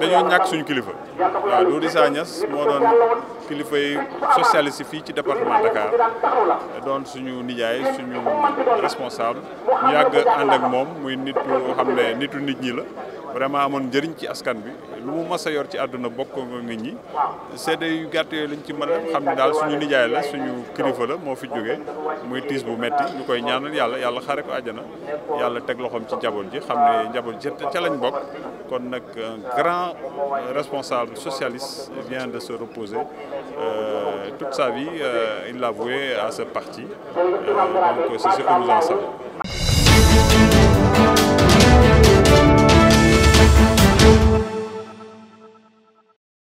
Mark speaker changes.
Speaker 1: dañoo ñàkk suñu kilifa waaw Doudou Issa Niass moo doon kilifa yi socialiste fii ci département Dakar doon suñu nijaay suñu responsable ñu yàgg ànd ak moom muy nit yoo xam ne nitu nit ñi la vraiment un grand responsable socialiste vient de se reposer euh, toute sa vie euh, il l'a voué à ce parti euh,
Speaker 2: c'est ce que nous en savons